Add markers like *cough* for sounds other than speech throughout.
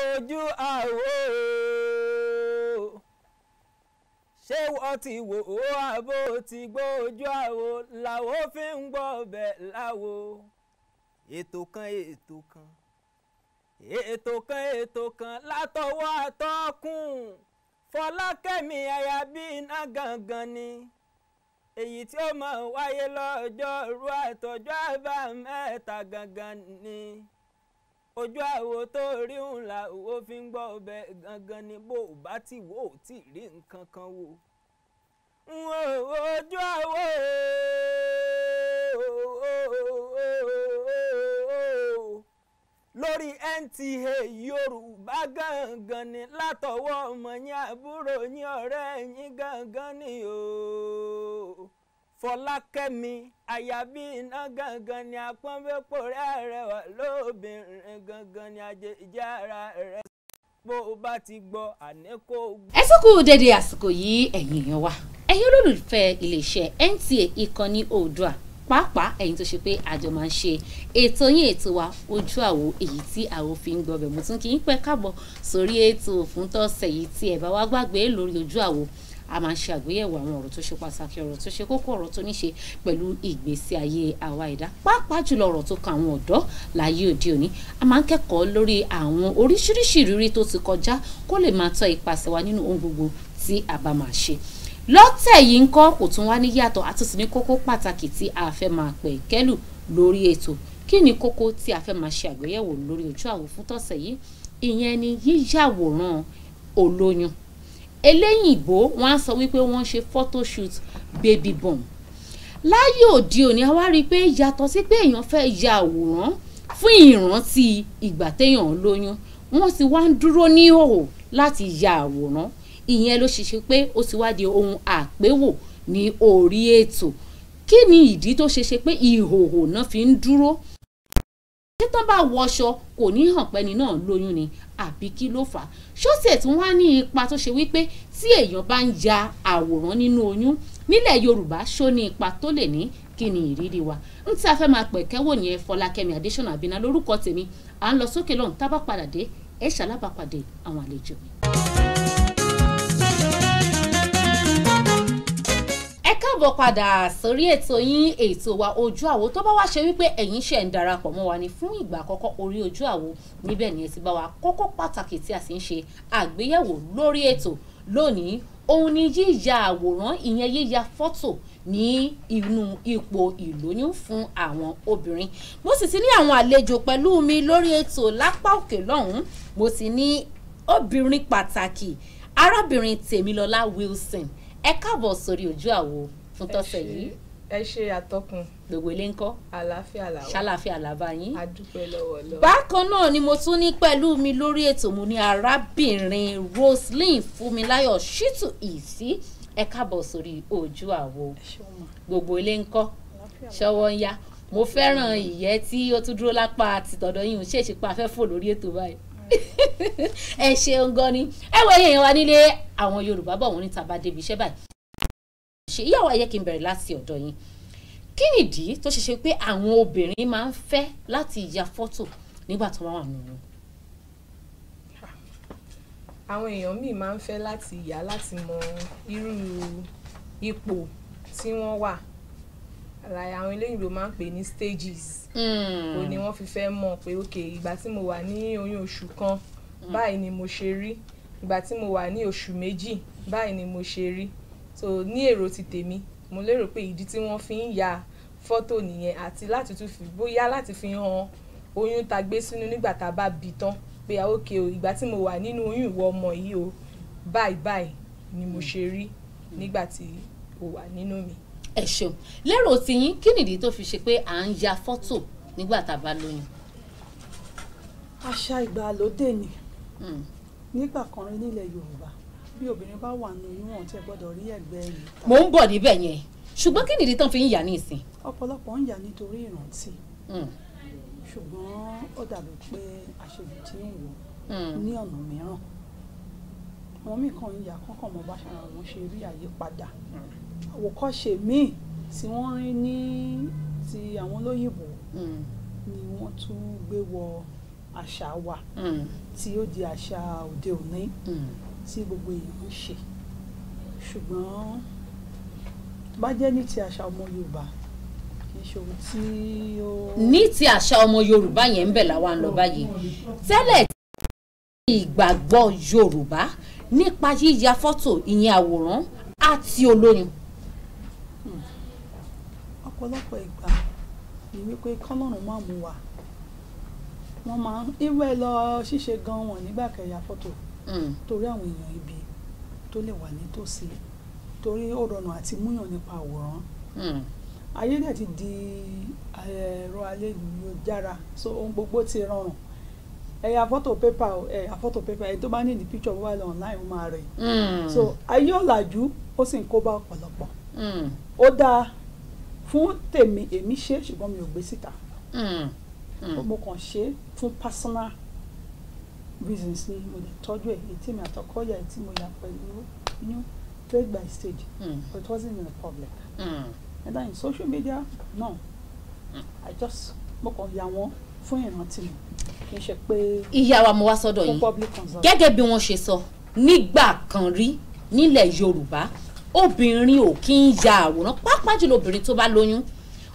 ojú àwò ṣé wọ́n ti wò ó àbò ti gbó ojú àwò làwọ́ fi ń gbọ́ ọbẹ̀ láwo ètò kan ètò kan ètò kan ètò kan látọwọ́ àtọkùn fọlákẹ́mi ayabíná gangan ni èyí tí ó máa wáyé lọ́jọ́ ru àtọ́jọ́ àbámẹ́ta gangan ni. ojú àwo tó rí òun la òwò fi ń gbọ́ ọbẹ̀ gangan ni bó o bá ti wò ó tí rí nǹkan kan wò. n ò ojú àwo lórí NTA Yorùbá gangan ni látọwọ́ ọmọ yín àbúrò yín ọ̀rẹ́ yín gangan ni o. Oh, oh, oh, oh. fọlákẹ́mi àyàbí iná gangan ni apọ́nbẹ́pọ̀ rẹ̀ rẹwà lóbìnrin gangan ni àjẹjẹ́ ara rẹ̀ bó o bá ti gbọ́ àní kó. ẹ tún kú dédé àsìkò yìí ẹ̀yin èèyàn wa ẹ̀yin olólùfẹ́ iléeṣẹ́ NTA ìkànnì oòdùà pàápàá ẹ̀yin tó ṣe pé àjọ máa ń ṣe ètò yín ètò wa ojú àwo èyí tí àwo fi ń gbọbẹ̀ mo tún kí n pẹ́ káàbọ̀ sórí ètò òfúntọ́sẹ̀ yìí tí ẹ̀ bá wá gbàgbé lórí ojú àwo a máa ń ṣe àgbéyẹ̀wò àwọn ọ̀rọ̀ tó ṣe pàtàkì ọ̀rọ̀ tó ṣe kókó ọ̀rọ̀ tó ní ṣe pẹ̀lú ìgbésí ayé àwa ẹ̀dá pàápàá jùlọ ọ̀rọ̀ tó kan àwọn ọ̀dọ́ láyé òde òní a máa ń kẹ́kọ̀ọ́ lórí àwọn oríṣiríṣi ìrírí tó ti kọjá kó lè máa tọ́ ipasẹ̀ wa nínú ohun gbogbo tí a bá máa ṣe lọ́tẹ̀ yìí ń kọ́ kò tún wá ní yàtọ̀ àtúntì ní kókó pàtàkì tí a fẹ́ máa pẹ̀ kẹ́lù lórí ètò kí ni kókó tí a fẹ́ máa ṣe àgbéyẹ̀wò lórí ojú àwò tọ̀sẹ̀ yìí ìyẹn ni yíyàwòrán olóyún eléyìnbó wọn á sọ wípé wọ́n ṣe photoshoot baby bomb láyé òde òní a wá rí i pé yàtọ̀ sí pé èèyàn fẹ́ ya àwòrán fún ìrántí ìgbà téèyàn lóyún wọ́n sì wá ń dúró ní ìhòòhò láti ya àwòrán ìyẹn ló ṣe ṣe pé ó ti wá di ohun àpéwò ní orí ètò kí ni ìdí tó ṣe ṣe pé ìhòòhò náà fi ń dúró tó bá wọṣọ kò ní hàn pẹ́ni náà lóyún ni àbí kí ló fà á ṣọ́ọ̀ṣẹ̀ tí wọ́n á ní ipa tó ṣe wípé tí èèyàn bá ń ya àwòrán nínú oyún nílẹ̀ Yorùbá ṣó ní ipa tó lè ní kí ni ìrírí wa n tí a fẹ́ máa pẹ̀kẹ́wò yẹn Fọlákẹ́mi Adésọ̀nà Àbíná lórúkọ tèmi à ń lọ sókè lọ́hùn tá dé ẹ̀ ṣàlábàpàdé àwọn àlejò mi. káàbọ̀ padà sórí ètò yín ètò wa ojú àwo tó bá wá ṣe wípé ẹ̀yin ṣe ń darapọ̀ mọ́ wa ni fún ìgbà àkọ́kọ́ orí ojú àwo níbẹ̀ ni ẹ ti bá wa kókó pàtàkì tí a sì ń ṣe àgbéyẹ̀wò lórí ètò lónìí òun ni yíya àwòrán ìyẹn yíya fọ́tò ní inú ipò ìlóyún fún àwọn obìnrin mo sì ti ní àwọn àlejò pẹ̀lú mi lórí ètò lápá òkè lọ́hùn mo ti ní obìnrin pàtàkì arábìnrin Tèmilọ́lá Wilson ẹ káàbọ̀ sórí ojú àwo fún tọ́sẹ̀ yìí ẹ ṣe àtọkùn. gbogbo ilé ńkọ́. àlàáfíà làwà. ṣàlàáfíà làbá yín. àdúpẹ́ lọ́wọ́ lọ. bákan náà ni mo tún ní pẹ̀lú mi lórí ètò mo ní arábìnrin Roselyn Fúnmiláyọ̀ Ṣítù ìsí ẹ káàbọ̀ sórí ojú àwo gbogbo ilé ńkọ́ ṣọwọ́ ń yá mo fẹ́ràn ìyẹ́ tí ó tún dúró lápá tìtọ̀dọ̀ yìí ń ṣèṣì pa afẹ́fò lórí ètò báyìí *laughs* ẹ ṣeun gan ni ẹ wọ ẹyẹ yẹn wa nílé àwọn Yorùbá bọ̀ wọ́n ní tàbá débi iṣẹ́ báyìí ṣe ìyàwó ayé kí n bẹ̀rẹ̀ láti ọ̀dọ̀ yín kí nìdí tó ṣe ṣe pé àwọn obìnrin máa ń fẹ́ láti ya fọ́tò nígbà tó wà nínú. àwọn èèyàn míì máa ń fẹ́ láti yà láti mọ irú ipò tí wọ́n wà àlàyé àwọn eléyìnbó máa ń pè ní stages ó hmm. ní wọ́n fi fẹ́ mọ̀ pé ok ìgbà tí mo wà ní oyún oṣù kan hmm. báyìí ni mo ṣe rí ìgbà tí mo wà ní oṣù méjì báyìí ni mo ṣe rí so ní èrò ti tèmi mo lérò pé ìdí tí wọ́n fi ń ya fọ́tò nìyẹn àti láti tún fi bóyá láti fi hàn oyún ta gbé sínú nígbà tá a bá bí tán pé ókè ah, o ìgbà tí mo wà nínú oyún ìwọ ọmọ yìí o báyìí báyìí ni mo ṣe rí nígbà tí o wà nínú mi. ẹ ṣeun lérò tiyín kí nìdí tó fi ṣe pé à ń ya fọ́tò nígbà tá a bá lóyún. àṣà ìgbàlódé ni hmm. nígbà kan rí nílẹ̀ yorùbá bí obìnrin bá wà nù oyún wọn tí ẹ gbọ́dọ̀ rí ẹ̀gbẹ́ yìí. mò ń bọ̀ níbẹ̀ yẹn ṣùgbọ́n kí nìdí tán fi ń yà ní ìsìn. ọ̀pọ̀lọpọ̀ ń yà nítorí ìrántí hmm. ṣùgbọ́n ó dàbí pé àṣejù tí ń wò hmm. ní ọ̀nà mìíràn àwọn míì kan ń yà kọ́kàn mọ́ bá ṣara wọn ṣe rí àyípadà hmm. àwòkọ́ṣe míì tí wọ́n rí ní ti àwọn olóyìnbó ni wọ́n tún gbé wọ àṣà wa tí ó di àṣà òde òní tí gbogbo èèyàn ń ṣe ṣùgbọ́n bá jẹ́ ní ti àṣà ọmọ Yorùbá kì í ṣe ohun tí ó. ní ti àṣà ọmọ Yorùbá yẹn ń bẹ̀ làwa ń lọ báyìí tẹ́lẹ̀ tí ìgbàgbọ́ Yorùbá nípa yíya fọ́tò ìyẹn àwòrán àti olóyún. Hmm. ọ̀pọ̀lọpọ̀ ìgbà ni wípé kọ́lọ́run máa mú wa wọ́n máa ń irú ẹ̀ lọ ṣíṣe gan-an nígbà kẹyà fọ́tò. Mm. torí àwọn èèyàn ibi tó lè wà nítòsí torí ó rọrùn àti múyàn nípa àwòrán mm. ayé dẹ̀ ti di ẹ̀rọ ayélujára so ohun gbogbo ti rọrùn ẹ̀yà fọ́tò pépà ẹ̀yà fọ́tò pépà ẹ̀yà tó bá ní ìdí píkṣọ̀ wà lọ online ó máa rẹ̀ mm. so ayé ọ̀làjú ó sì ń kó bá ọ̀pọ̀lọpọ̀ ó dáa fún tèmi èmi ṣe ṣùgbọ́n mi ò gbé síta mo kàn ṣe fún personal reasons ni mo lè tọ́jú ẹ̀ ètí mi àtọkọ́ yà ètí mo yà pẹ̀lú inú trade by stage mm. but it wasn't in the public mm. and then in social media no mm. I just mo kàn yà wọ́n fún ìrántí mi kì í ṣe pé. ìyá wa mo wá sọ́dọ̀ yìí gẹ́gẹ́ bí wọ́n ṣe sọ nígbà kan rí nílẹ̀ Yorùbá obìnrin ò kí ń ya àwòrán pàápàá jùlọ obìnrin tó bá lóyún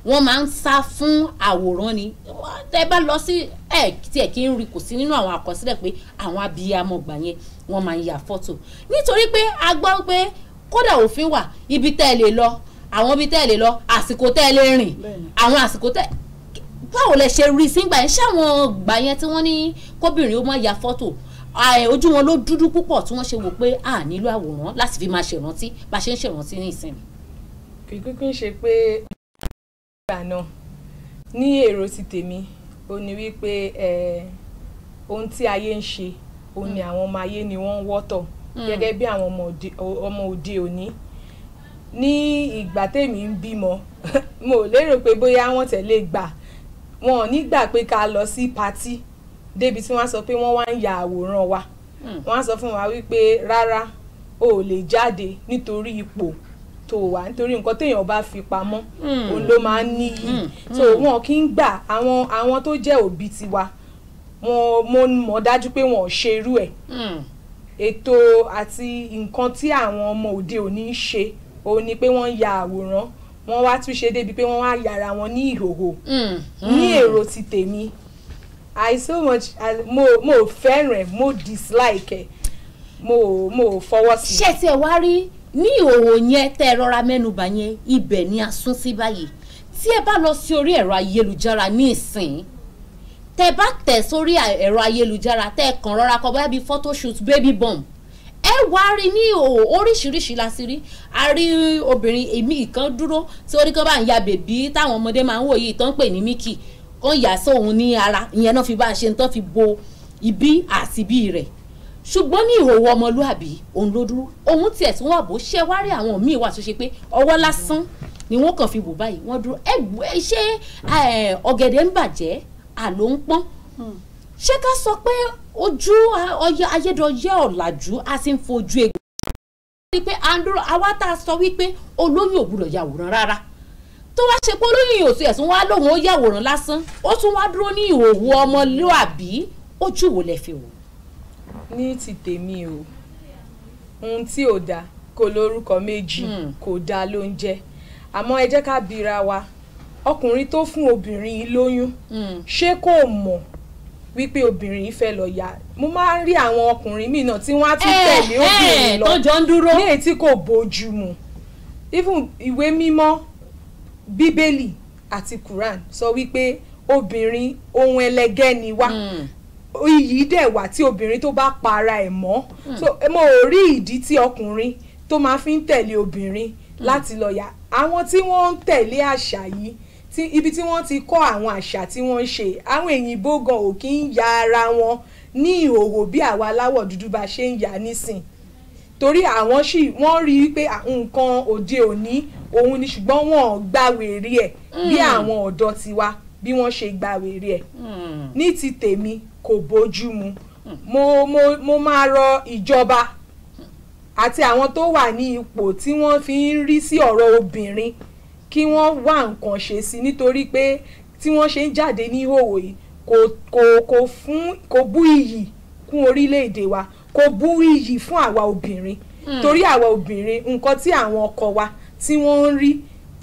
wọ́n máa ń sá fún àwòrán ni ẹ bá lọ sí ẹ tí ẹ kí ń rí kò sí nínú àwọn àkọsílẹ̀ pé àwọn abiyamọ gbà yẹn wọ́n máa ń ya fọ́tò nítorí pé a gbọ́ pé kódà òfin wà ibi tẹ́ ẹ lè lọ àwọn ibi tẹ́ ẹ lè lọ àsìkò tẹ́ ẹ lè rìn àwọn àsìkò tẹ́ báwo lẹ ṣe rí sí gbà yẹn ṣé àwọn gbà yẹn tí wọ́n ní kóbìnrin ó máa ya fọ́tò ojú wọn ló dúdú púpọ̀ tí wọ́n ṣe wò pé a nílò àwòrán láti fi máa ṣèrántí bá ṣe ń ṣèrántí ní ìsinmi. kìkì kì ṣe pé ìgbà náà ní èrò ti tèmi ó ní wípé ohun tí ayé ń ṣe òun ni hmm. àwọn ọmọ ayé ni wọ́n ń wọ́tọ̀ hmm. gẹ́gẹ́ bí àwọn ọmọ òde òní ní ìgbà tèmi ń bímọ *laughs* mo lérò pé bóyá wọ́n tẹ̀lé gbà wọn ò ní gbà pé ká lọ sí patí débi tí wọ́n sọ pé wọ́n wá ń ya àwòrán wa hmm. wọ́n á sọ fún wa wípé rárá o ò lè jáde nítorí ipò tó wà nítorí nǹkan téèyàn bá fi pamọ́ hmm. òun ló máa ń níyì hmm. so hmm. wọn kì í gbà àwọn àwọn tó jẹ́ òbí tiwa wọn mo mọ̀ dájú pé wọn ò ṣe irú ẹ̀ ètò àti nǹkan tí àwọn ọmọ òde òní ń ṣe òun ni pé wọ́n ya àwòrán wọ́n wá tún ṣe débi pé wọ́n wá yàrá wọn ní ìhòhò ní èrò ti tèmi i so much I, mo mo fẹ́ràn mo dislike ẹ̀ mo mo fọwọ́ sí. ṣé tí ẹ wá rí ní ìhòòhò yẹn tẹ́ ẹ rọra mẹ́nubà yẹn ibẹ̀ ni a sún sí báyìí tí ẹ bá lọ sí orí ẹ̀rọ ayélujára ní ìsìn tẹ́ bá tẹ̀ sórí ẹ̀rọ ayélujára tẹ́ ẹ kàn rọra kọ bóyá bíi photoshoot baby bomb ẹ wá rí ní ìhòòhò oríṣiríṣi la sì rí a rí obìnrin èmi ìkan dúró tí orí kan bá ń ya bèbí táwọn ọmọdé máa ń wò yìí tán pè ní Mickey kan yà sóhun ní ara ìyẹn náà fi bá ń ṣe tán fi bo ibi àti ibi rẹ̀ ṣùgbọ́n ní ìhòòhò ọmọlúàbí òun ló dúró òun tiẹ̀ tí wọ́n àbò ṣe wá rí àwọn míì wà tó ṣe pé ọwọ́ lásán ni wọ́n kàn fi wò báyìí wọ́n dúró ẹ ṣé ọ̀gẹ̀dẹ̀ ń bàjẹ́ àló ń pọ́n hmm. ṣé ká sọ pé ojú ayédọ̀yẹ ọ̀làjú a ti ń fojú egbò ni pé àwa tá a sọ wípé olóyún ògbúdọ̀ yàwòrán rárá tó wá ṣe pé olóyún yòó tiẹ̀ tún wá lóhùn ó yàwòrán lásán ó tún wá dúró ní ìhòòhò ọmọlúàbí ojú wo lẹ fi wò ní ti tèmi o ohun tí ò dáa kò lórúkọ méjì hmm. kò dáa ló ń ẹ jẹ́ ká bira wa ọkùnrin tó fún obìnrin yìí lóyún hmm. ṣé kò mọ̀ wípé obìnrin yìí fẹ́ lọ yá mo máa ń rí àwọn ọkùnrin míì náà tí wọ́n á tún eh, tẹ̀lé eh, obìnrin lọ ní èyí tí kò bójú mu even ìwé mímọ́ bíbélì àti Quran sọ wípé obìnrin ohun ẹlẹgẹ́ ni wá hmm iyì dẹ̀ wà tí obìnrin tó bá para ẹ̀ mọ́ hmm. so mo ò rí ìdí tí ọkùnrin tó máa fi ń tẹ̀lé obìnrin hmm. láti lọ yà àwọn tí wọ́n ń tẹ̀lé àṣà yìí ti ibi tí wọ́n ti kọ́ àwọn àṣà tí wọ́n ń ṣe àwọn èyìnbó gan ò kí ń ya ara wọn ní ìhòòhò bí àwa aláwọ̀ dúdú bá ṣe ń yà nísìn torí àwọn sì wọ́n rí i pé nǹkan òde òní òun ni ṣùgbọ́n wọn ò gba wèrè ẹ̀ bí hmm. àwọn ọ̀dọ́ tiwa bí wọ́n ṣe gba wèrè ẹ̀ ní ti tèmi kò bójú mu mo mo mo máa rọ ìjọba àti àwọn tó wà ní ipò tí wọ́n fi ń rí sí ọ̀rọ̀ obìnrin kí wọ́n wá nǹkan ṣe sí nítorí pé tí wọ́n ṣe ń jáde ní ìhòòhò yìí kò kò kò fún kò bú iyì kún orílẹ̀-èdè wa kò bú iyì fún àwa obìnrin hmm. torí àwa obìnrin nǹkan tí àwọn ọkọ wa tí wọ́n ń rí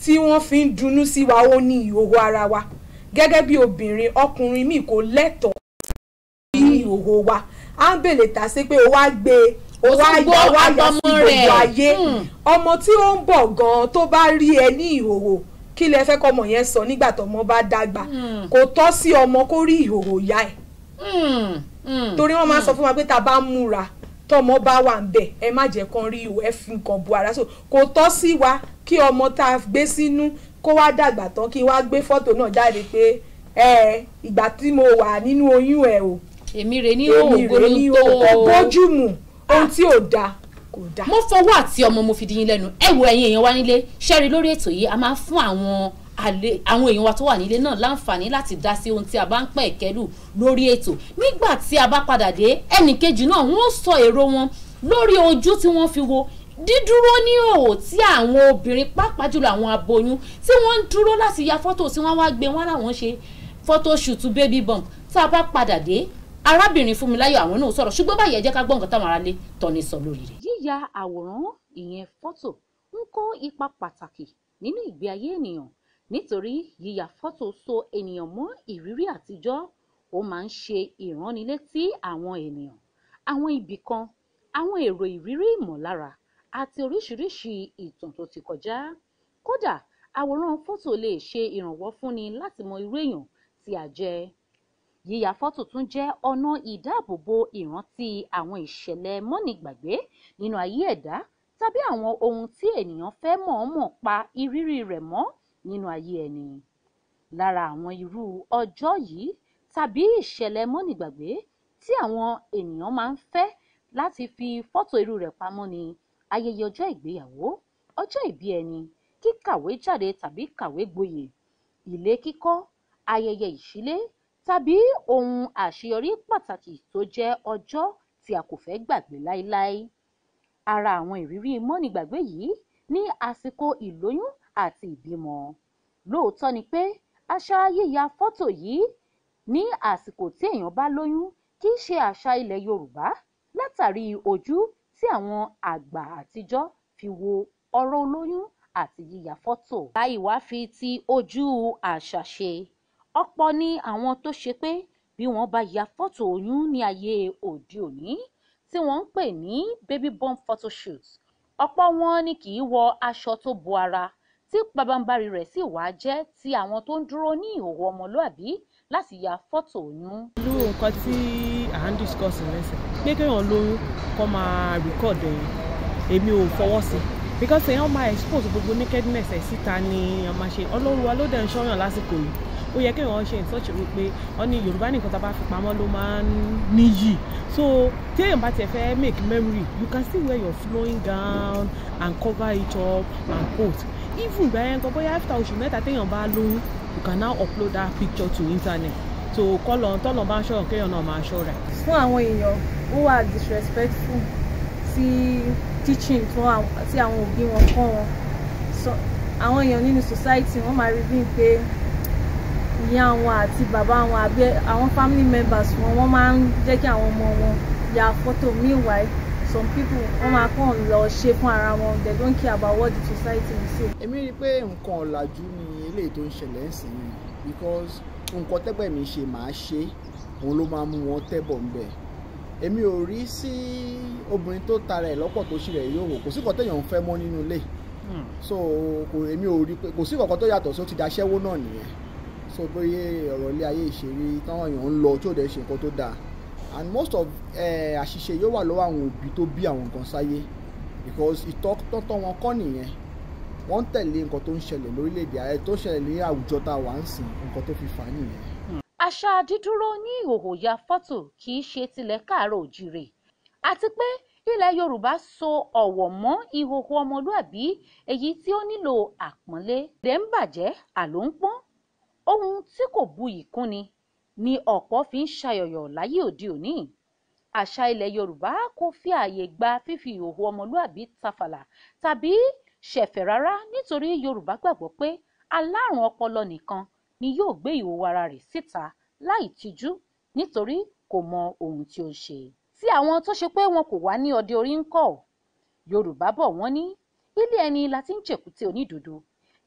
tí wọ́n fi ń dunnú sí wa ó ní ìhòòhò ara wa gẹ́gẹ́ bí obìnrin ọkùnrin mi kò lẹ́tọ̀ọ́ gbogbo wa à ń bèlè tà sí pé o wá gbé e ó wá yà wá yà sí gbogbo ayé hmm. ọmọ tí ó ń bọ̀ gan-an tó bá rí ẹ ní ìhòòhò kí lẹ fẹ́ kọ́mọ yẹn sọ nígbà tọ́mọ bá dàgbà hmm. kò tọ́ sí ọmọ kó rí ìhòòhò yá ẹ̀ hmm. torí wọ́n máa sọ fún wa pé tá a bá múra tọmọ bá wà ń bẹ ẹ má jẹ́ kán rí o ẹ fi nǹkan bu ara so kò tọ́ sí wa kí ọmọ tá a gbé sínú kó wá dàgbà tán kí wá gbé fọ́tò náà jáde pé ẹ ìgbà tí mo wà nínú oyún ẹ o èmi rè ní ògbóni tó bójúmu ohun tí ò dáa kò dáa. mo fọwọ́ àti ọmọ mo fi di yín lẹ́nu ẹ wo ẹ̀yin èèyàn wa nílé ṣẹ́rí lórí ètò yìí a máa fún àwọn àwọn èèyàn wa tó wà nílé náà láǹfààní láti dá sí ohun tí a bá ń pẹ̀ kẹ́lù lórí ètò nígbà tí a bá padà dé ẹnìkejì náà wọ́n sọ èrò wọn lórí ojú tí wọ́n fi wo dídúró ní òwò tí àwọn obìnrin pàápàá jùlọ àwọn aboyún tí wọ́n ń dúró láti ya fọ́tò tí wọ́n wá gbé wọn láwọn ṣe photoshoot baby bump tá a bá padà dé arábìnrin Fúnmiláyọ̀ àwọn náà sọ̀rọ̀ ṣùgbọ́n báyìí ẹ jẹ́ ká gbọ́ nǹkan táwọn aráalé tọ́ni sọ lórí rẹ̀. yíya àwòrán ìyẹn fọ́tò ń kó ipa pàtàkì nínú ìgbé ayé ènìyàn nítorí yíya fọ́tò so ènìyàn mọ́ ìrírí àtijọ́ ó máa ń ṣe ìránnilétí àwọn ènìyàn àwọn ibì kan àwọn èrò ìrírí ìmọ̀lára àti oríṣiríṣi ìtàn tó ti kọjá kódà àwòrán fọ́tò lè ṣe ìrànwọ́ fúnni láti mọ irú èèyàn tí a jẹ́ Yíya fọ́tò tún jẹ́ ọ̀nà ìdáàbòbò ìrántí àwọn ìṣẹ̀lẹ̀ mánigbàgbé nínú ayé ẹ̀dá tàbí àwọn ohun tí ènìyàn fẹ́ mọ̀ọ́mọ̀ pa ìrírí rẹ̀ mọ́ nínú ayé ẹni. Lára àwọn irú ọjọ́ yìí tàbí ìṣẹ̀lẹ̀ mánigbàgbé tí àwọn ènìyàn máa ń fẹ́ láti fi fọ́tò irú rẹ̀ pamọ́ ni ayẹyẹ ọjọ́ ìgbéyàwó, ọjọ́ ìbí ẹni, kíkàwé jáde tàbí kàwé gboyè, ilé kíkọ́, ayẹyẹ ìṣílé, tàbí ohun àṣeyọrí pàtàkì tó jẹ́ ọjọ́ tí a kò fẹ́ gbàgbé láíláí. Ara àwọn ìrírí mọ́nigbàgbé yìí ni àsìkò ìlóyún àti ìbímọ. Lóòótọ́ ni pé àṣà yíya fọ́tò yìí ní àsìkò tí èèyàn bá lóyún kì í ṣe àṣà ilẹ̀ Yorùbá látàrí ojú tí àwọn àgbà àtijọ́ fi wo ọ̀rọ̀ olóyún àti yíya fọ́tò. Láì wá fi ti ojú àṣà ṣe ọ̀pọ̀ ni àwọn tó ṣe pé bí wọ́n bá ya fọ́tò oyún ní ayé òde òní tí wọ́n ń pè ní baby born photoshoot ọ̀pọ̀ wọn ni kì í wọ aṣọ tó bo ara tí pabambarì rẹ̀ sì wá jẹ́ ti àwọn tó ń dúró ní ìhòòhò ọmọlúàbí láti ya fọ́tò oyún. irú nǹkan tí à ń discuss lẹ́sẹ̀ pé kéèyàn lóyún kó máa record ẹ̀yìn èmi ò fọwọ́ sí because èèyàn máa expose gbogbo nakedness ẹ̀ síta ni èèyàn máa ṣe ọlọ́run wa ló dẹ̀ ń ṣọ́yàn lásìkò yìí ó yẹ kéèyàn ṣe ìtọ́jú wípé wọ́n ní yorùbá nìkan tá a bá fi pamọ́ ló máa ń níyì so tí èèyàn bá tiẹ̀ fẹ́ make memory you can still wear your flowing gown and cover it up and post even ìgbà yẹn kan bóyá after oṣù mẹ́ta téèyàn bá lóyún you can now upload that picture to internet so kọ́lọ̀ tọ́lọ̀ bá ń ṣọ̀rọ̀ kéèyàn náà máa ṣọ́ra. fún àwọn èèyàn ó wà disrespectful sí teaching tí àwọn òbí wọn kọ́ wọn àwọn èèyàn nínú society wọ́n máa rí bíi pé ìyá wọn àti bàbá wọn àbí àwọn family members wọn wọ́n máa ń jẹ́ kí àwọn ọmọ wọn ya fọ́tò meanwhile some people wọ́n máa kàn lọ ṣe fún ara wọn they don't care about what the society is saying. èmi rí i pé nǹkan ọ̀làjú ni eléyìí tó ń ṣẹlẹ̀ ń sìn yìí because nǹkan tẹ́gbẹ́ mi ṣe màá ṣe òun ló máa mú wọn tẹ́bọ̀ ń bẹ̀ èmi ò rí sí obìnrin tó tara ẹ̀ lọ́pọ̀ tó ṣì rẹ̀ yóò wò kò sí nǹkan téèyàn ń fẹ́ mọ́ nínú ilé hmm. so èmi ò rí pé kò sí nǹkan tó yàtọ̀ sí ó ti daṣẹ́wó náà nìyẹn so bóyá ọ̀rọ̀ ilé ayé ìṣeré táwọn èèyàn ń lọ tí ò dẹ̀ ṣe nǹkan tó dáa and most of àṣìṣe yóò wà lọ́wọ́ àwọn òbí tó bí àwọn nǹkan sáyé because ìtọ́tọ́ wọn kọ́ nìyẹn wọ́n ń tẹ̀lé nǹkan tó ń ṣẹlẹ̀ lórílẹ̀‐èdè ààrẹ tó ṣẹlẹ̀ ní àwùjọ tá a wà ń sìn nǹkan tó fi fà á nìyẹn. àṣà dídúró ní ìhòòhò ya fọ́tò kì í ṣe tilẹ̀ káàárọ̀ òjìrè àti pé ilẹ̀ yorùbá so ọ̀wọ̀ mọ́ ìhòòhò ọmọlúàbí èyí tí ó nílò àpọ́nlé dẹ̀ ń bàjẹ́ àló Ohun tí kò buyì kúnni ni ọ̀pọ̀ fi ń ṣayọ̀yọ̀ láyé òde òní. Àṣà ilẹ̀ Yorùbá kò fi ààyè gba fífi ìhòòhò ọmọlúàbí tafàlà tàbí ṣẹ̀fẹ̀ rárá nítorí Yorùbá gbàgbọ́ pé alárùn ọpọlọ nìkan ni yóò gbé ìhòòhò ara rẹ̀ síta láì tijú nítorí kò mọ ohun tí ó ń ṣe. Tí àwọn tó ṣe pé wọn kò wá ní ọdẹ orí ńkọ́? Yorùbá bọ̀ wọ́n ní ilé ẹni la ń jẹ̀kútẹ́ onídodo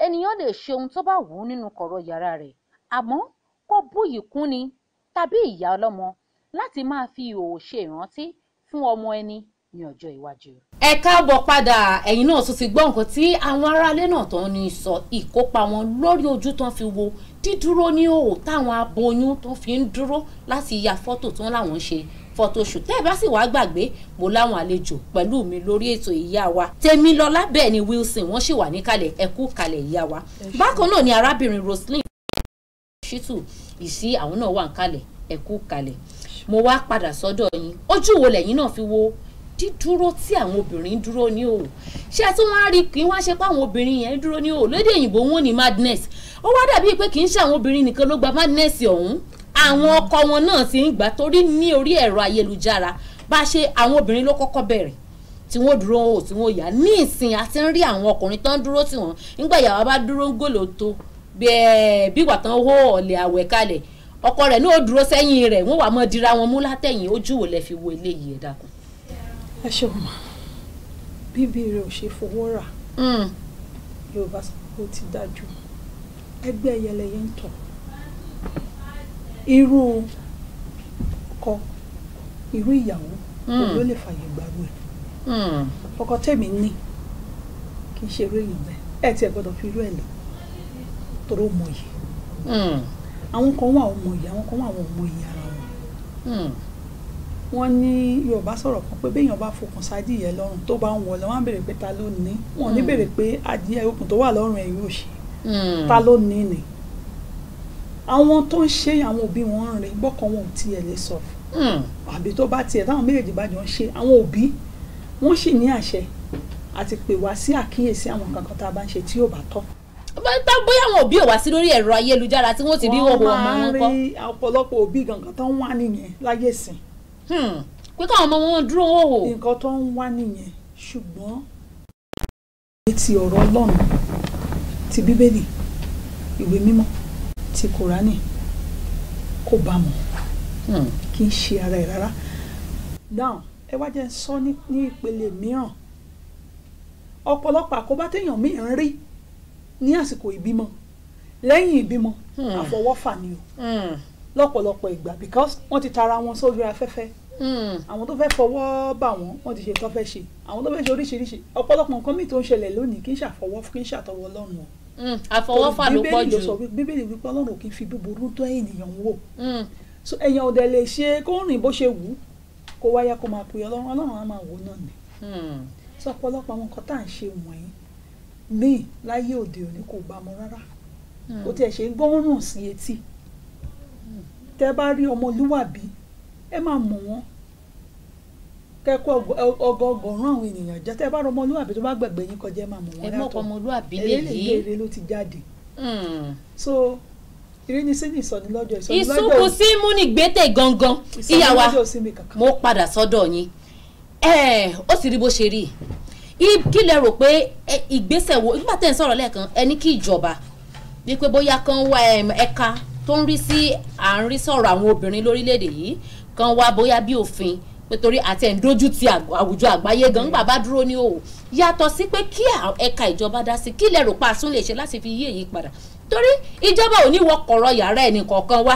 ènìyàn lè ṣe ohun tó bá wù ú nínú kọ̀rọ̀ yàrá rẹ̀ àmọ́ kó bùyì kúni tàbí ìyá ọlọ́mọ láti máa fi ìhòòhò ṣe ìrántí fún ọmọ ẹni ní ọjọ́ iwájú. ẹ káàbọ̀ padà ẹ̀yin náà tún ti gbọ́ nǹkan tí àwọn aráalé náà tán ní sọ ìkópa wọn lórí ojú tán fi wo dídúró ní òòtá àwọn aboyún tó fi ń dúró láti ya fọ́tò tán láwọn ṣe fọtòṣù tẹ́ ẹ bá sì wá gbàgbé mo láwọn àlejò pẹ̀lú mi lórí ètò ìyá wa Tèmilọ́lá bẹ́ẹ̀ ni Wilson wọ́n sì wà níkàlẹ̀ ẹ kú kalẹ̀ ìyá wa bákan náà ni arábìnrin Roslyn Shitu ìsí àwọn náà wà níkàlẹ̀ ẹ kú kalẹ̀ mo wá padà sọ́dọ̀ yín ojú wo lẹ́yìn náà fi wo dídúró tí àwọn obìnrin dúró ní òwò ṣé ẹ tún wá rí kí wá ṣe pé àwọn obìnrin yẹn dúró ní òwò lédè òyìnbó wọn ní madness ó wá dàbí pé kì í ṣe àwọn obìnrin nìkan ló gba madness ọ̀hún àwọn ọkọ wọn náà ti ń gbà torí ní orí ẹ̀rọ ayélujára bá ṣe àwọn obìnrin ló kọ́kọ́ bẹ̀rẹ̀ tí wọ́n dúró wọn ò tí wọ́n yà ní ìsìn àti ń rí àwọn ọkùnrin tán dúró tì wọ́n nígbà yàrá bá dúró ń gòlò tó bí ìgbà tán hó ọ̀lẹ̀ àwẹ̀ kalẹ̀ ọkọ rẹ̀ ní ó dúró sẹ́yìn rẹ̀ wọ́n wàá mọ́ dira wọn mú látẹ̀yìn ojú wo lẹ fi wo eléyìí ẹ̀ dákun. ẹ ṣeun ma bíbí rẹ ò ṣe fowó rà hmm. yorùbá sọ pé ó ti dájú ẹgbẹ́ ẹyẹlẹyẹ ń tọ̀ irú ọkọ irú ìyàwó hmm. ló lè fàyè gbàgbé hmm. ọkọ tèmi ní kì í ṣe irú èèyàn bẹ́ẹ̀ ẹ tiẹ̀ gbọ́dọ̀ fi irú ẹ̀ lọ torí ó hmm. mọyì àwọn kan wà ọmọ yìí àwọn kan wà àwọn ọmọ yìí ara wọn wọ́n ní yorùbá sọ̀rọ̀ kan pé béèyàn bá fokùn sádìyẹ lọ́rùn tó bá ń wọ̀ lọ́wọ́ á béèrè pé ta ló ní wọ́n ní béèrè pé adìyẹ okùn tó wà lọ́rùn ẹ̀yìn òṣì ta ló ní ni àwọn tó ń ṣe àwọn òbí wọn ń rìn bọ́kàn wọn ò tiẹ̀ lè sọ hmm. àbí tó bá tiẹ̀ táwọn méjèèjì bá jọ ń ṣe àwọn òbí wọ́n sì ní àṣẹ àti pè wá sí àkíyèsí àwọn kankan tá a bá ń ṣe tí ò bá tọ́ bá bóyá àwọn òbí ò wá sí lórí ẹ̀rọ ayélujára tí wọ́n ti rí wọ́n wọ ọmọ wọn kọ́. wọ́n máa rí ọ̀pọ̀lọpọ̀ òbí gangan tó ń wá nìyẹn láyé sìn. Hmm. pé káwọn ọmọ wọn dúró wò ó. nǹkan tó ń wá nìyẹn ṣùgbọ́n ti ọ̀rọ̀ ọlọ́run ti bíbélì ìwé mímọ́ ti kùránì kò bá mọ̀ hmm. kì í ṣe ara ẹ̀ rárá now ẹ wá jẹ́ sọ ní ìpele mìíràn ọ̀pọ̀lọpọ̀ àkóbá téèyàn míì ń rí ní àsìkò ìbímọ lẹ́yìn ìbímọ hmm. àfọwọ́fà ni o hmm. lọ́pọ̀lọpọ̀ ìgbà because wọ́n ti tara wọn sórí afẹ́fẹ́ àwọn tó fẹ́ fọwọ́ bà wọ́n wọ́n ti ṣe tó ṣe àwọn tó fẹ́ ṣe oríṣiríṣi ọ̀pọ̀lọpọ̀ nǹkan míì tó ń ṣẹlẹ̀ lónìí kì í ṣàfọwọ́ kì í ṣàtọwọ́ lọ́rùn o Mm, àfọwọ́fà ló pọ̀ jù bíbélì wípé ọlọ́run kì í fi búburú tó ènìyàn wò mm. so èèyàn ò dẹ̀ lè ṣe kó rìn bó ṣe wù ú kó wáyá kó máa pe ọlọ́run ọlọ́run á máa wò náà ni mm. so ọ̀pọ̀lọpọ̀ àwọn nǹkan tá à ń ṣe wọ̀nyí míì láyé òde òní kò bá mu rárá kò tiẹ̀ ṣe ń gbọ́rùn sí etí tẹ́ bá rí ọmọlúwàbí ẹ máa mọ̀ wọ́n kẹ́kọ̀ọ́ ọgọ́gọ́ rán àwọn ènìyàn jẹ́ tẹ́ bá rọ ọmọlúwàbí tó bá gbẹ̀gbẹ̀ yín kọjá máa mọ̀ wọ́n látọ̀ eléyìí ló ti jáde. Hmm. so ìrìnnì sí ní ìsọ̀ni lọ́jọ́ ìsọ̀ni lọ́jọ́ ìsúnkù sí mú ni gbẹ́tẹ̀ gangan ìyàwó mo padà sọ́dọ̀ yín ó sì rí bó ṣe rí kí lẹ rò pé ìgbésẹ̀ wo nígbà tẹ̀ ń sọ̀rọ̀ lẹ́ẹ̀kan ẹni kí ìjọba wípé bóyá kan wá ẹ̀ka tó ń rí sí à ń rí sọ̀rọ̀ àwọn obìnrin lórílẹ̀‐èdè yìí kan wá bóyá bí òfin pé torí àti ẹ̀ ń dojú ti àwùjọ àgbáyé gan bàbá dúró ní òwò yàtọ̀ sí pé kí ẹ̀ka ìjọba dá sí kí ilẹ̀ rò pa àsún lè ṣe láti fi yí èyí padà torí ìjọba ò ní wọ kọ̀rọ̀ yàrá ẹnì kọ̀ọ̀kan wá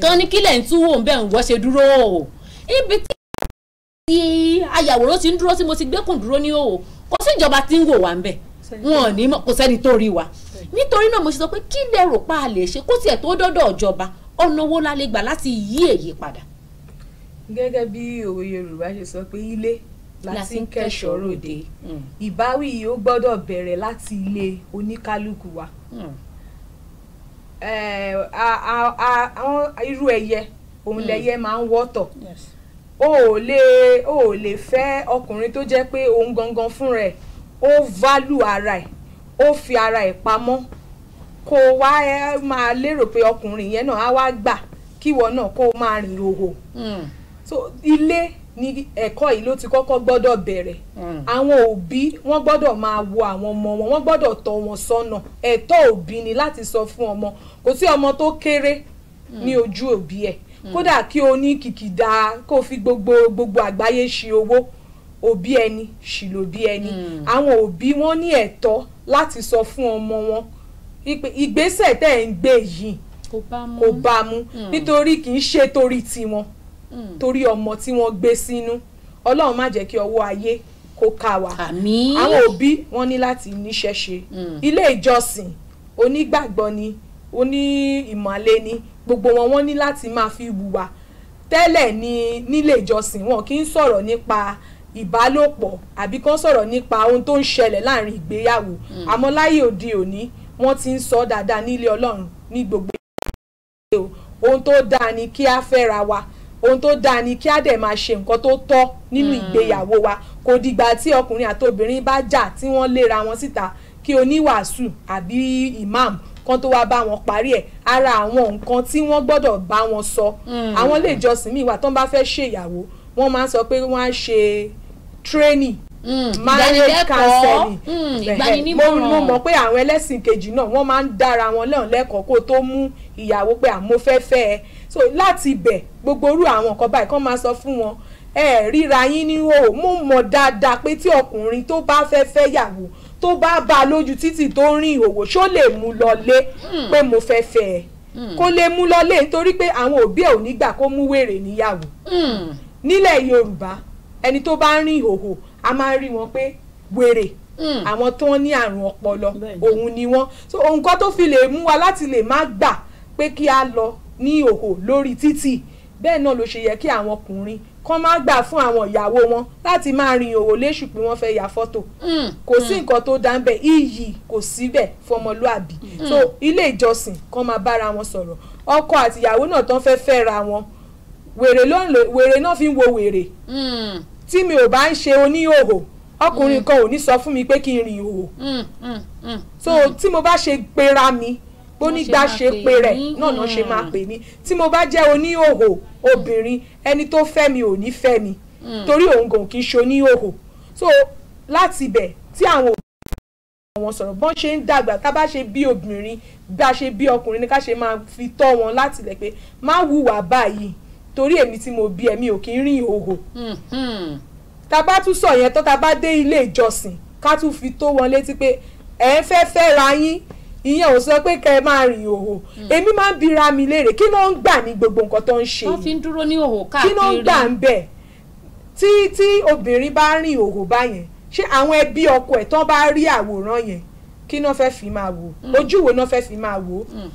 tán ní kílẹ̀ ń túwò ń bẹ̀ ń wọ́ ṣe dúró òwò ibi tí ayàwòrán ti ń dúró tí mo ti gbẹ́kùn dúró ní òwò kò sí ìjọba tí ń wò wá ń bẹ̀ wọn ní kò sẹ́ni tó rí wa nítorí náà mo ṣe sọ pé kí ilẹ̀ rò pa àlè ṣe kó tiẹ̀ tó dọ́dọ̀ ìjọba ọ̀nà gẹ́gẹ́ bí òwe Yorùbá ṣe sọ pé ilé láti ń kẹ́ṣọ̀ ròde hmm. ìbáwí yìí ó gbọ́dọ̀ bẹ̀rẹ̀ láti ilé oníkálukú wa hmm. irú ẹyẹ òun hmm. lẹyẹ máa ń wọ́tọ̀ o ò lè o ò lè fẹ́ ọkùnrin tó jẹ́ pé òun gangan fúnra ẹ̀ ó value ara ẹ̀ ó fi ara ẹ̀ pamọ́ kó o wá máa lérò pé ọkùnrin yẹn náà á wá gbà kíwọ náà kó o máa rìn ròhò so ilé ni ẹ̀kọ́ yìí ló ti kọ́kọ́ gbọ́dọ̀ bẹ̀rẹ̀ hmm. àwọn òbí wọ́n gbọ́dọ̀ máa wo àwọn ọmọ wọn wọ́n gbọ́dọ̀ tọ́ wọn sọ́nà ẹ̀tọ́ òbí ni láti sọ fún ọmọ kò sí ọmọ tó kéré hmm. ní ojú òbí ẹ̀ hmm. kódà kí o ní kìkìdá kó fi gbogbo gbogbo àgbáyé ṣe owó òbí ẹni ṣì lòbí ẹni àwọn òbí wọn ní ẹ̀tọ́ láti sọ fún ọmọ wọn ìgbésẹ̀ tẹ́ ẹ̀ ń gbé yìí kò bá mu nítorí kì í ṣe torí tiwọn. Mm. torí ọmọ tí wọ́n gbé sínú ọlọ́run má jẹ́ kí ọwọ́ ayé kó ká wa àmín àwọn òbí wọn ní láti níṣẹ́ ṣe mm. ilé ìjọsìn onígbàgbọ́ ni oní ìmọ̀lé ni gbogbo wọn wọn ní láti máa fi wùwà tẹ́lẹ̀ ní nílé ìjọsìn wọn kì í sọ̀rọ̀ nípa ìbálòpọ̀ àbí kan sọ̀rọ̀ nípa ohun tó ń ṣẹlẹ̀ láàrin ìgbéyàwó mm. àmọ́ láyé òde òní wọ́n ti ń sọ dáadáa nílé ọlọ́run ní gbogbo ìgbéyàwó ohun tó dáa ni kí a fẹ́ra wa ohun tó dáa ni kí á dẹ̀ máa ṣe nǹkan tó tọ́ nínú hmm. ìgbéyàwó wa kò dìgbà tí ọkùnrin àti obìnrin bá jà tí wọ́n léra wọn síta kí oníwàásù àbí imam kan tó wá bá wọn parí ẹ̀ ara àwọn nǹkan tí wọ́n gbọ́dọ̀ bá wọn sọ hmm. àwọn ilé ìjọsìn míì wà tó ń bá fẹ́ ṣèyàwó wọ́n máa ń sọ pé wọ́n á ṣe training hmm. marriage counseling mo mọ̀ pé àwọn ẹlẹ́sìn kejì náà wọ́n máa ń dára wọn lẹ́hàn lẹ́kọ̀ọ́ kó tó mú ìyàwó pé àmọ́ fẹ́ so láti bẹ̀ gbogbo irú àwọn nǹkan báyìí kán máa sọ fún wọn ẹ ríra yín ní o mú mọ̀ dáadáa pé tí ọkùnrin tó bá fẹ́ fẹ́ yàwó tó bá bá a lójú títì tó ń rìn ìhòòhò ṣó lè mú lọlé hmm. pé mo fẹ́ fẹ́ ẹ hmm. kó lè mú lọlé nítorí pé àwọn òbí ẹ̀ ò ní gbà kó mú wèrè níyàwó hmm. nílẹ̀ Yorùbá ẹni tó bá ń rìn ìhòòhò a máa ń rí wọn pé wèrè àwọn tó ń ní àrùn ọpọlọ òun ni wọn so nǹkan tó fi lè mú wa láti lè má gbà pé kí a lọ ní ìhòhò lórí títì bẹ́ẹ̀ náà ló ṣe yẹ kí àwọn ọkùnrin kán má gbà fún àwọn ìyàwó wọn láti máa rin ìhòhò léṣù pé wọ́n fẹ́ ya fọ́tò hmm. kò sí hmm. nǹkan tó dá ń bẹ iyì kò síbẹ̀ fọmọlúàbí hmm. so ilé ìjọsìn kán máa bára wọn sọ̀rọ̀ ọkọ àti ìyàwó náà tán fẹ́ fẹ́ra wọn wèrè náà fi ń wo wèrè tí mi ò bá ń ṣe oníhòhò ọkùnrin kan ò ní sọ fún mi pé kí n rìn ìhòhò so tí mo bá ṣe gbéra mi bónígbà ṣe pé rẹ̀ náà náà ṣe máa hmm. pè mí tí mo bá jẹ́ oníhòhò obìnrin ẹni tó fẹ́ mi ò ní fẹ́ mi hmm. torí òun gàn kì í ṣe oníhòhò so láti ibẹ̀ tí àwọn wọn sọ̀rọ̀ bọ́n ṣe ń dàgbà tá bá ṣe bí obìnrin bá ṣe bí ọkùnrin ni ká ṣe máa fi tọ́ wọn láti lẹ̀ pé má hùwà báyìí torí èmi tí mo bí ẹ̀mí ò kí ń rìn ìhòhò tá bá tún sọ yẹn tó tá bá dé ilé ìjọsìn ká tún fi tó wọn létí pé ẹ̀ ń fẹ́ fẹ́ ra yín ìyẹn ò sọ pé kẹ ẹ máa rìn òhò hmm. èmi máa ń bira mi léèrè kí ló ń gbà ní gbogbo nǹkan tó ń ṣe yìí wọ́n fi ń dúró ní òhò káàkiri kí ló ń gbà ń bẹ̀ tí tí obìnrin bá rìn òhò báyẹn ṣé àwọn ẹbí ọkọ ẹ̀ tán bá rí àwòrán yẹn kí náà fẹ́ fi máa wò hmm. ojú wo náà fẹ́ fi máa wò hmm.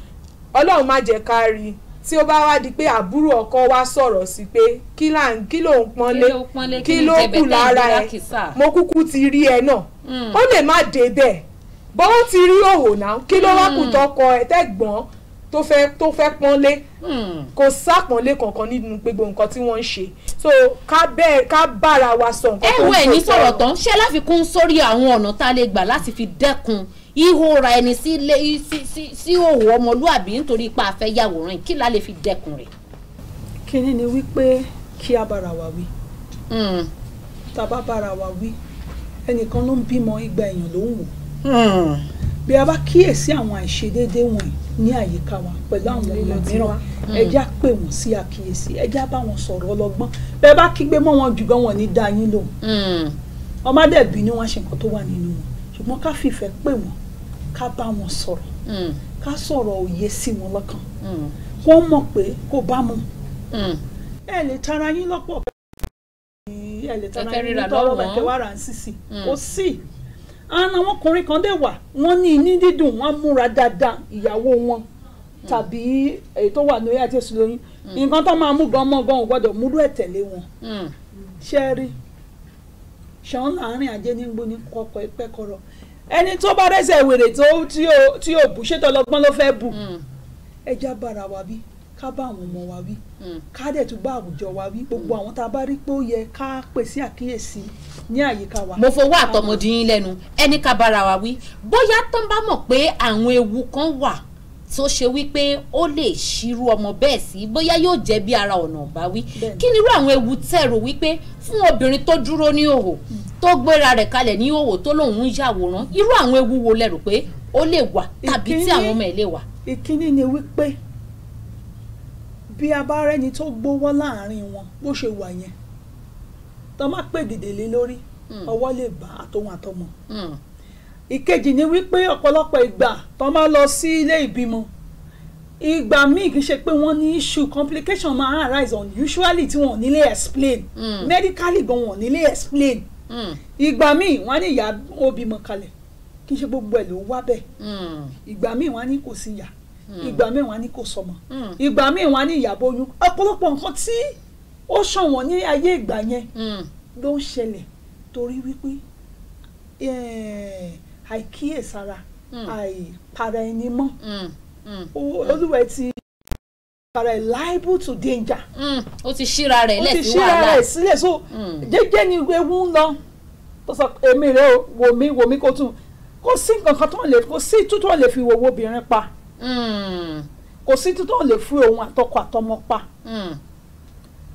ọlọ́run má jẹ́ ká rí i tí ó bá wá di pé àbúrò ọkọ wa sọ̀rọ̀ sí pé kí là ń kí ló ń pọ́nlé kí ló kù lára ẹ mo kúkú ti rí ẹ náà ó lè má dé bẹ́ẹ̀ bó ti rí òhò náà kí ló wá kù hmm. tọkọ ẹ tẹ́gbọ́n tó fẹ́ tó fẹ́ pọ́nlé hmm. kò sápọ́nlé kankan nínú gbogbo nǹkan tí wọ́n ń ṣe so ká bẹ́ẹ̀ ká bára wa sọ nǹkan tó ń sọ. ẹ wo ẹ ní sọ̀rọ̀ tán ṣé láfikún sórí àwọn ọ̀nà tá a lè gbà láti fi dẹ́kun ìhòòrà ẹni sí ilé sí òhò ọmọlúàbí nítorí ipa àfẹ́ yàwòrán yìí kí la lè fi dẹ́kun rẹ̀. kínní ni wípé kí a bára wa wí. Hmm. tá a bá bára wa wí ẹnìkan ló ń bímọ igba èèyàn ló ń wò Hmm. bí a bá kíyèsí àwọn àìṣedéédé wọn ní àyíká wa pẹ̀lú àwọn èèyàn mìíràn ẹjá pè wọ́n sí àkíyèsí ẹjá bá wọn sọ̀rọ̀ ọlọ́gbọ́n bẹ́ẹ̀ bá kígbe mọ́ wọn jù gan wọn ní dá yín lò hmm. ọmọdé bí ni wọ́n ṣe nǹkan tó wà nínú wọn ṣùgbọ́n ká fìfẹ́ pè wọ́n ká bá wọn sọ̀rọ̀ hmm. ká sọ̀rọ̀ òye sí wọn lọ́kàn wọ́n mọ̀ pé kò bá mu ẹ lè tara yín lọ́pọ̀ ẹ lè tara yín lọ́pọ̀ ọ̀rọ̀ bàtẹ́wàrà ń sísì kò sí ara àwọn ọkùnrin kan dẹ̀ wà wọ́n ní iní dídùn wọ́n múra dáadáa ìyàwó wọn tàbí èyí tó wà lórí àti èsì lóyún hmm. nǹkan tó máa mú gan mọ́ gan ò gbọ́dọ̀ múlò ẹ̀ tẹ̀lé wọn. Hmm. ṣé ẹ rí ṣan láàrin ajé ní gbóni kọkọ ẹpẹ kọrọ ẹni tó bá rẹsẹ̀ wèrè tí ò bù ṣètò ọlọ́gbọ́n ló fẹ́ bù hmm. ẹja bára wa bí ká bá àwọn ọmọ wa wí hmm. ká dẹ̀ tún bá àwùjọ wa wí gbogbo hmm. àwọn tá a bá rí pé ó yẹ ká pèsè àkíyèsí ní àyíká wa. mo fowó àtọmọdé yín lẹ́nu ẹni ká bára wa wí bóyá tó ń bá mọ̀ pé àwọn ewu kan wà tó ṣe wípé ó lè ṣírú ọmọ bẹ́ẹ̀ sí bóyá yóò jẹ́ bí ara ọ̀nà àbáwí kí ni irú àwọn ewu tẹ̀rọ wípé fún obìnrin tó dúró ní òhò hmm. tó gbéra rẹ̀ kalẹ̀ ní òhò tó lòun ń yàwòrán irú àwọn ewu wo lẹ pé ó lè wà tàbí tí àwọn ọmọ ẹ̀ lè wà. ìkíní ni wípé bí a bá rẹ́ni tó gbówó láàrin wọn bó ṣe wà yẹn tó má pè dìde lé lórí hmm. ọwọ́ lè bá àtòun àtọmọ. Hmm. ìkejì ni wípé ọ̀pọ̀lọpọ̀ ìgbà tó máa lọ sí ilé ìbímọ ìgbà míì kì í ṣe pé wọ́n ní issue complication máa arise unusually tí wọ́n ò ní explain mm. medically gan wọ́n ò ní explain hmm. ìgbà míì wọ́n á ní ìyá ó bímọ kalẹ̀ kì í ṣe gbogbo ẹ̀ ló wá bẹ́ẹ̀ ìgbà míì wọ́n á ní kò sí ìyá Hmm. ìgbà míì wọn á ní kò sọmọ hmm. ìgbà míì wọn á ní ìyàbọ̀ oyún ọ̀pọ̀lọpọ̀ nǹkan tí ó ṣọ̀wọ́n ní ayé ìgbà yẹn hmm. ló ń ṣẹlẹ̀ torí wípé eh, àìkíyèsára àìpara ẹni mọ́ olúwa ti para ẹ liable to danger. O ti ṣíra rẹ̀ lẹ̀ sí wàhálà ó ti ṣíra rẹ̀ sílẹ̀ so jẹ́jẹ́ ni ewu ń lọ tó sọ èmi rẹ̀ wò mí wò mí kó tún kó sí nǹkan kan tó lè kó sí tútù lè fi wò wo obìnrin pa kò sí títọ́ lè fún òun àtọkọ àtọmọ pa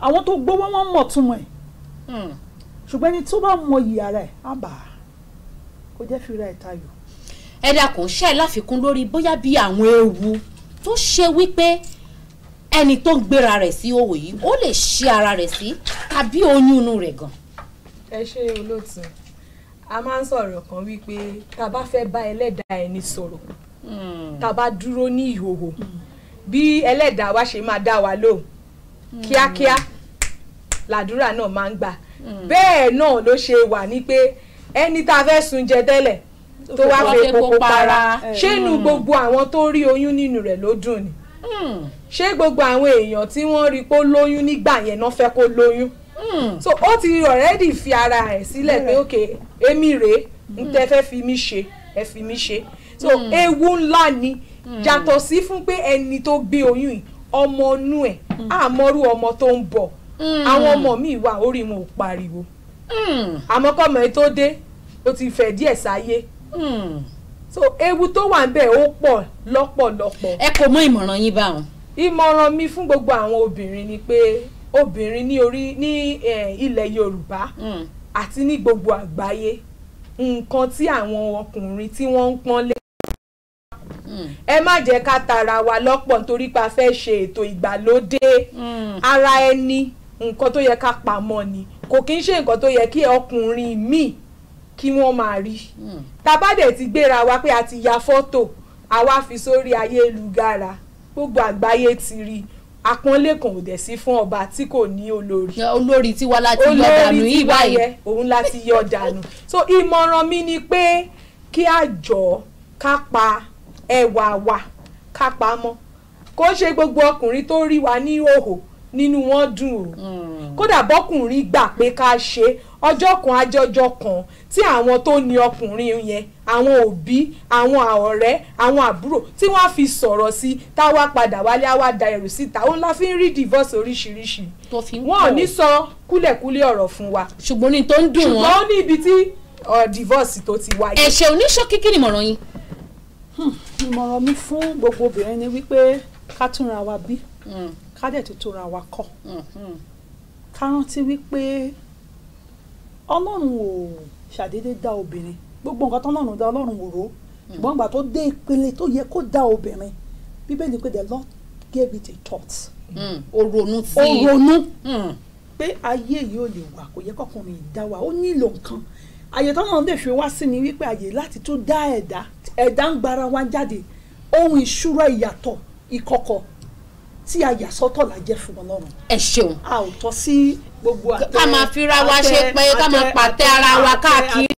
àwọn tó gbowó wọn mọ̀ túmọ̀ ẹ̀ ṣùgbọ́n ẹni tó bá mọ ìyá rẹ̀ á bà á kó jẹ́ fira ẹ̀ tayò. ẹ dákun ṣe é láfikún lórí bóyá bí àwọn ewu tó ṣe wípé ẹni tó ń gbéra rẹ̀ sí òwò yìí ó lè ṣe ara rẹ̀ sí tàbí oyún inú rẹ̀ gan. ẹ ṣe olóòtú a máa ń sọ̀rọ̀ kan wípé tá a bá fẹ́ bá ẹlẹ́dàá ẹni sọ̀rọ̀ Mm. tá a bá dúró ní ìhòhò bí ẹlẹ́dàá wa ṣe máa dá wa lò mm. kíákíá làdúrà náà máa ń gbà mm. bẹ́ẹ̀ náà ló ṣe wà ní pé ẹni tá a fẹ́ sun jẹ tẹ́lẹ̀ tó wá fi epo para ṣé nu gbogbo àwọn tó rí oyún nínú rẹ̀ ló dùn ni ṣé gbogbo àwọn èèyàn tí wọ́n rí pé ó lóyún nígbà yẹn náà fẹ́ kó lóyún so ó ti already fi ara ẹ̀ sílẹ̀ pé ok èmi rèé n tẹ́ fẹ́ fi mí ṣe ẹ fi mí ṣe so hmm. ewu ńlá ni hmm. yàtọ̀ sí fún pé ẹni tó gbé oyún yìí ọmọ inú ẹ̀ àmọ́rú hmm. ọmọ tó ń bọ̀ àwọn ọmọ mi wà orí wọn ò pariwo àmọ́ kọ́mọ ẹ tó dé ó ti fẹ̀ díẹ̀ sáyé so ewu tó wà ń bẹ̀ ó pọ̀ lọ́pọ̀lọpọ̀. ẹ kò mọ ìmọ̀ràn yín bá wọn. ìmọ̀ràn mi fún gbogbo àwọn obìnrin ni pé obìnrin ní orí ní ilẹ̀ Yorùbá àti ní gbogbo àgbáyé nǹkan tí àwọn ọkùnrin tí wọ́n ń pọ́nlé ẹ má jẹ́ ká tara wa lọ́pọ̀ nítorí pé a fẹ́ ṣe ètò ìgbàlódé mm. ara ẹni nǹkan tó yẹ ká pamọ́ ni kò kí ń ṣe nǹkan tó yẹ kí ọkùnrin míì kí wọ́n máa rí mm. tàbá dẹ̀ ti gbéra wa pé a ti ya fọ́tò àwa fi sórí ayélujára gbogbo àgbáyé ti rí i àpọ́nlé kan ò dẹ̀ sí fún ọba tí kò ní olórí. olórí tiwa láti yọ dànù yìí báyìí olórí tiwa yẹ yọ dànù. so ìmọ̀ràn mi ni pé kí a jọ ká pa ẹwà wa ká pamọ́ kó ṣe gbogbo ọkùnrin tó rí wa ní òhò nínú wọn dùn o hmm. kódà bọ́kùnrin gbà pé ká ṣe ọjọ́ kan ajọ́jọ́ kan tí àwọn tó ní ọkùnrin yẹn àwọn òbí àwọn ọ̀rẹ́ àwọn àbúrò tí wọ́n á fi sọ̀rọ̀ sí táwa padà wálé àwa da ẹ̀rù síta òun la fi ń rí divorce oríṣiríṣi wọn ò ní sọ kúlẹ̀kúlẹ̀ ọ̀rọ̀ fún wa ṣùgbọ́n ní tó ń dùn wọ́n ṣùgbọ́n ó ní ibi tí divorce tó ti wáyé. ẹ̀ṣẹ̀ oníṣọ́kíkí ni mọ̀ràn yín Hmm, ìmọ̀ràn mi fún gbogbo obìnrin ni wípé ká túnra wa bí hmm. ká dẹ̀ tó tóra wa kọ́ hmm, ká rántí wípé ọlọ́run ò ṣàdédé dá obìnrin gbogbo nǹkan tọ́lọ́run dá ọlọ́run ò ró ṣùgbọ́n ìgbà tó dé ìpele tó yẹ kó dá obìnrin bíbélì pé the Lord gave it a thought. ó ronú tí ó ronú pé ayé yìí ò lè wà kò yẹ kọkùnrin ìdáwà ó nílò nǹkan àyè tọ́nà ń dè fi wá sí ni wípé àyè láti tún dá ẹ̀dá ẹ̀dá ń gbara wá jáde ohun ìṣúra ìyàtọ̀ ìkọ̀kọ̀ tí a yà sọ́tọ̀ la jẹ́ fún ọlọ́run. ẹ ṣeun. a ò tọ́ sí gbogbo àtẹ ká máa fira wa ṣe pé ká máa pàtẹ ara wa káàkiri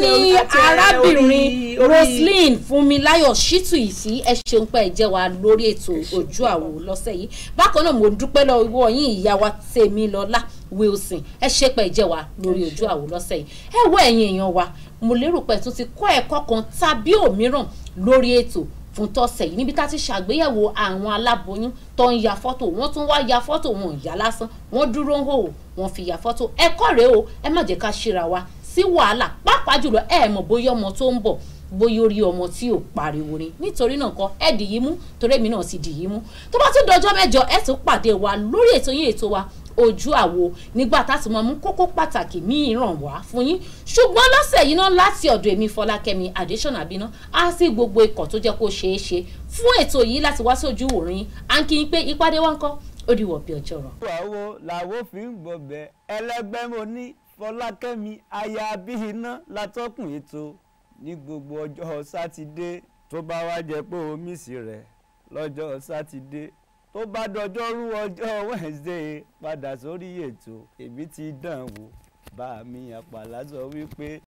ní arábìnrin Roslyn Fúnmiláyọ̀ Ṣítù yìí sí ẹ ṣeun pé ẹ jẹ́ wa lórí ètò ojú àwò lọ́sẹ̀ yìí bákan náà mo dúpẹ́ lọ́wọ́ yín ìyá wa Tèmilọ́lá Wilson ẹ ṣe pé ẹ jẹ́ wa lórí ojú àwò lọ́sẹ̀ yìí ẹ wọ ẹ̀yin èèyàn wa mo lérò pé tún ti kọ́ ẹ̀kọ́ kan tàbí òmíràn lórí ètò fún tọ́sẹ̀ yìí níbi tá a ti ṣàgbéyẹ̀wò àwọn aláboyún tó ń ya fọ́tò wọ́n tún wá ya fọ́tò wọn ìyá lásán wọ́n dúró ń hò wọ́n fi ya fọ́tò ẹ̀kọ́ rèé o ẹ má jẹ́ ká ṣíra wa sí wàhálà pàápàá jùlọ ẹ mọ̀ bóyá ọmọ tó ń bọ̀ bóyá orí ọmọ tí ò pariwo ni nítorí náà kọ ẹ dìyí mú torí èmi náà sì dìyí mú tó bá tún dọjọ́ mẹ́jọ ẹ tún pàdé wa lórí ètò yín ètò wa ojú àwo nígbà tá a sì mọ mú kókó pàtàkì míì ràn wá fún yín ṣùgbọ́n lọ́sẹ̀ yìí náà láti ọ̀dọ̀ èmi Fọlákẹ́mi Adésọ̀nà Àbíná á sí gbogbo ikọ̀ tó jẹ́ kó ṣeé ṣe fún ètò yìí láti wá sójú òòrùn à ń kí n pé ìpàdé wa ń kọ́ ó dìwọ̀ bí ọjọ́ rọ̀. ìwà wo làwo fi ń gbọ̀bẹ̀ ẹlẹ́gbẹ́ mo ní fọlákẹ́mi aya abíhiná látọ́kùn ètò ní gbogbo ọjọ́ sátidé tó bá wá jẹ pé o mísì rẹ̀ lọ́jọ́ sátidé tó bá dọjọ́rú ọjọ́ wednesday padà sórí ètò èmi ti dán wò bá mi àpàlà sọ wípé